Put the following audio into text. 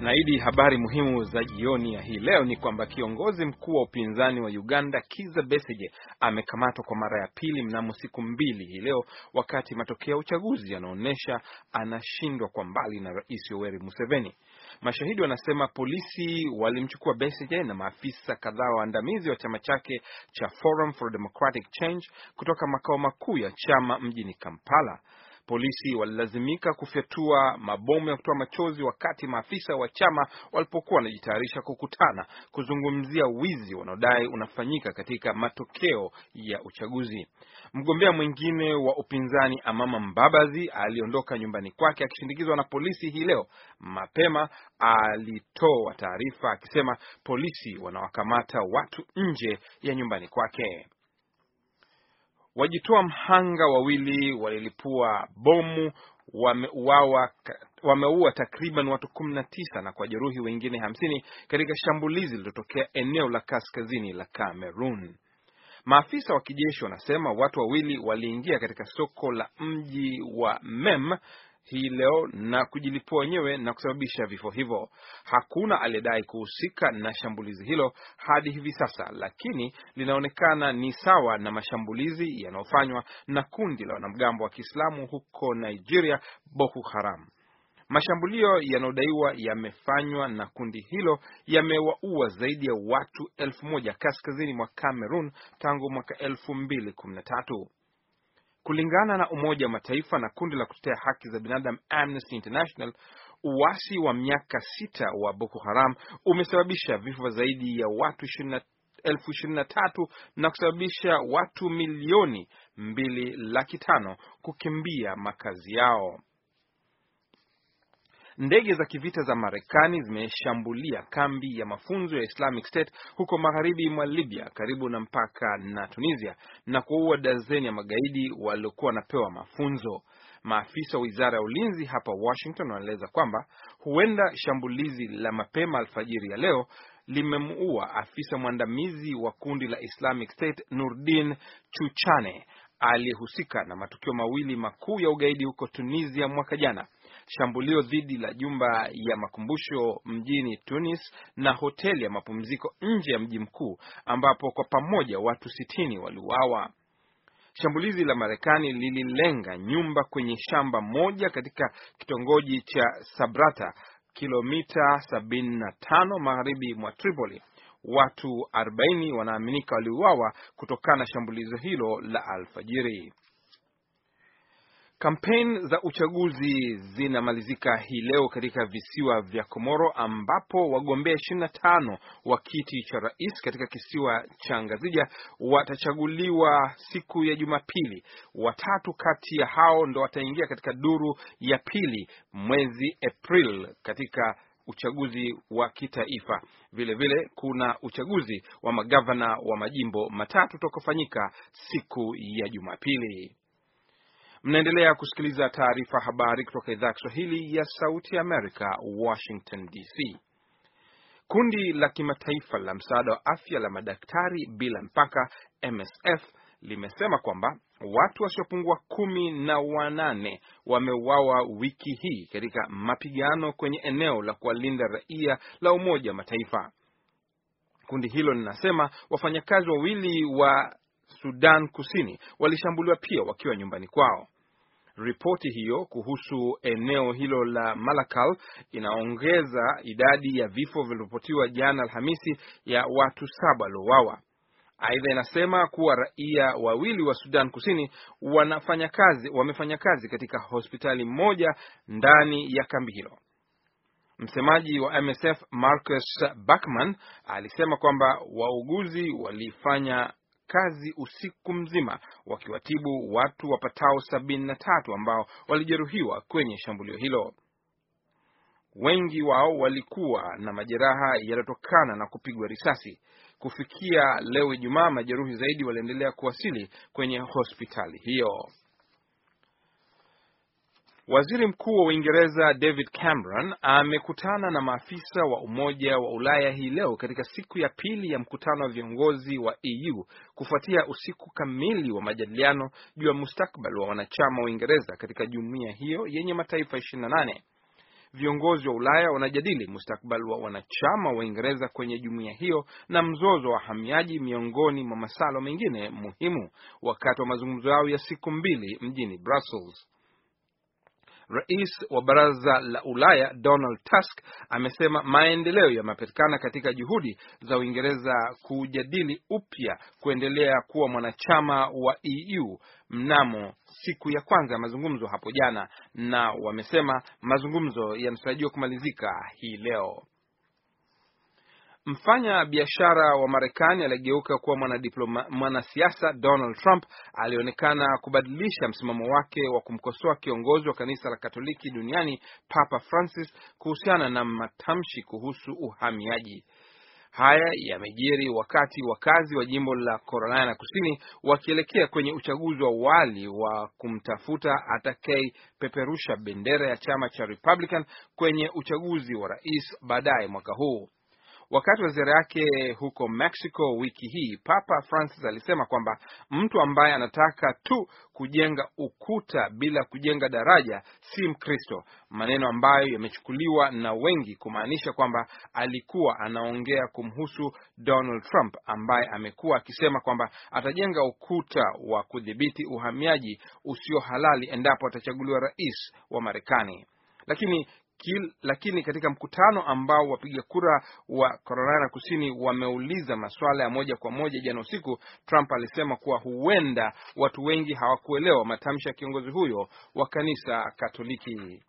na hidi habari muhimu za jioni ya hii leo ni kwamba kiongozi mkuu wa upinzani wa Uganda Kiza Besigye amekamatwa kwa mara ya pili mnamo siku mbili hii leo, wakati matokeo ya uchaguzi yanaonyesha anashindwa kwa mbali na Rais Yoweri Museveni. Mashahidi wanasema polisi walimchukua Besigye na maafisa kadhaa waandamizi wa chama chake cha Forum for Democratic Change kutoka makao makuu ya chama mjini Kampala. Polisi walilazimika kufyatua mabomu ya kutoa machozi wakati maafisa wa chama walipokuwa wanajitayarisha kukutana kuzungumzia wizi wanaodai unafanyika katika matokeo ya uchaguzi. Mgombea mwingine wa upinzani Amama Mbabazi aliondoka nyumbani kwake akishindikizwa na polisi hii leo mapema. Alitoa taarifa akisema polisi wanawakamata watu nje ya nyumbani kwake. Wajitoa mhanga wawili walilipua bomu wameuawa wameua takriban watu kumi na tisa na jeruhi wengine hamsini katika shambulizi lililotokea eneo la kaskazini la cameron Maafisa wa kijeshi wanasema watu wawili waliingia katika soko la mji wa Mem hii leo na kujilipua wenyewe na kusababisha vifo hivyo. Hakuna aliyedai kuhusika na shambulizi hilo hadi hivi sasa, lakini linaonekana ni sawa na mashambulizi yanayofanywa na kundi la wanamgambo wa Kiislamu huko Nigeria, Boko Haram. Mashambulio yanayodaiwa yamefanywa na kundi hilo yamewaua zaidi ya watu elfu moja kaskazini mwa Cameroon tangu mwaka elfu mbili kumi na tatu. Kulingana na Umoja wa Mataifa na kundi la kutetea haki za binadamu Amnesty International, uasi wa miaka sita wa Boko Haram umesababisha vifo zaidi ya watu elfu ishirini na tatu na kusababisha watu milioni mbili laki tano kukimbia makazi yao. Ndege za kivita za Marekani zimeshambulia kambi ya mafunzo ya Islamic State huko magharibi mwa Libya karibu na mpaka na Tunisia na kuua dazeni ya magaidi waliokuwa wanapewa mafunzo. Maafisa wa wizara ya ulinzi hapa Washington wanaeleza kwamba huenda shambulizi la mapema alfajiri ya leo limemuua afisa mwandamizi wa kundi la Islamic State Nurdin Chuchane aliyehusika na matukio mawili makuu ya ugaidi huko Tunisia mwaka jana shambulio dhidi la jumba ya makumbusho mjini Tunis na hoteli ya mapumziko nje ya mji mkuu ambapo kwa pamoja watu sitini waliuawa. Shambulizi la Marekani lililenga nyumba kwenye shamba moja katika kitongoji cha Sabrata, kilomita 75 magharibi mwa Tripoli. Watu 40 wanaaminika waliuawa kutokana na shambulizo hilo la alfajiri. Kampeni za uchaguzi zinamalizika hii leo katika visiwa vya Komoro ambapo wagombea tano wa kiti cha rais katika kisiwa cha Ngazija watachaguliwa siku ya Jumapili. Watatu kati ya hao ndo wataingia katika duru ya pili mwezi Aprili katika uchaguzi wa kitaifa. Vilevile vile, kuna uchaguzi wa magavana wa majimbo matatu utakaofanyika siku ya Jumapili. Mnaendelea kusikiliza taarifa habari kutoka idhaa ya Kiswahili ya Sauti Amerika, Washington DC. Kundi la kimataifa la msaada wa afya la madaktari bila mpaka MSF limesema kwamba watu wasiopungua kumi na wanane wameuawa wiki hii katika mapigano kwenye eneo la kuwalinda raia la Umoja wa Mataifa. Kundi hilo linasema wafanyakazi wawili wa Sudan Kusini walishambuliwa pia wakiwa nyumbani kwao. Ripoti hiyo kuhusu eneo hilo la Malakal inaongeza idadi ya vifo vilivyopotiwa jana Alhamisi ya watu saba waliowawa. Aidha, inasema kuwa raia wawili wa Sudan Kusini wanafanya kazi, wamefanya kazi katika hospitali moja ndani ya kambi hilo. Msemaji wa MSF Marcus Backman alisema kwamba wauguzi walifanya kazi usiku mzima wakiwatibu watu wapatao sabini na tatu ambao walijeruhiwa kwenye shambulio hilo. Wengi wao walikuwa na majeraha yaliyotokana na kupigwa risasi. Kufikia leo Ijumaa, majeruhi zaidi waliendelea kuwasili kwenye hospitali hiyo. Waziri Mkuu wa Uingereza David Cameron amekutana na maafisa wa Umoja wa Ulaya hii leo katika siku ya pili ya mkutano wa viongozi wa EU kufuatia usiku kamili wa majadiliano juu ya mustakbal wa wanachama wa Uingereza katika jumuiya hiyo yenye mataifa 28. Viongozi wa Ulaya wanajadili mustakbal wa wanachama wa Uingereza kwenye jumuiya hiyo na mzozo wa wahamiaji, miongoni mwa masuala mengine muhimu, wakati wa mazungumzo yao ya siku mbili mjini Brussels. Rais wa Baraza la Ulaya Donald Tusk amesema maendeleo yamepatikana katika juhudi za Uingereza kujadili upya kuendelea kuwa mwanachama wa EU mnamo siku ya kwanza ya mazungumzo hapo jana, na wamesema mazungumzo yanatarajiwa kumalizika hii leo. Mfanya biashara wa Marekani aliyegeuka kuwa mwanasiasa Donald Trump alionekana kubadilisha msimamo wake wa kumkosoa kiongozi wa kanisa la Katoliki duniani Papa Francis kuhusiana na matamshi kuhusu uhamiaji. Haya yamejiri wakati wakazi wa jimbo la Carolina Kusini wakielekea kwenye uchaguzi wa awali wa kumtafuta atakayepeperusha bendera ya chama cha Republican kwenye uchaguzi wa rais baadaye mwaka huu. Wakati wa ziara yake huko Mexico wiki hii, Papa Francis alisema kwamba mtu ambaye anataka tu kujenga ukuta bila kujenga daraja si Mkristo, maneno ambayo yamechukuliwa na wengi kumaanisha kwamba alikuwa anaongea kumhusu Donald Trump ambaye amekuwa akisema kwamba atajenga ukuta wa kudhibiti uhamiaji usio halali endapo atachaguliwa rais wa Marekani. Lakini Kil, lakini katika mkutano ambao wapiga kura wa Carolina Kusini wameuliza masuala ya moja kwa moja jana usiku, Trump alisema kuwa huenda watu wengi hawakuelewa matamshi ya kiongozi huyo wa kanisa Katoliki.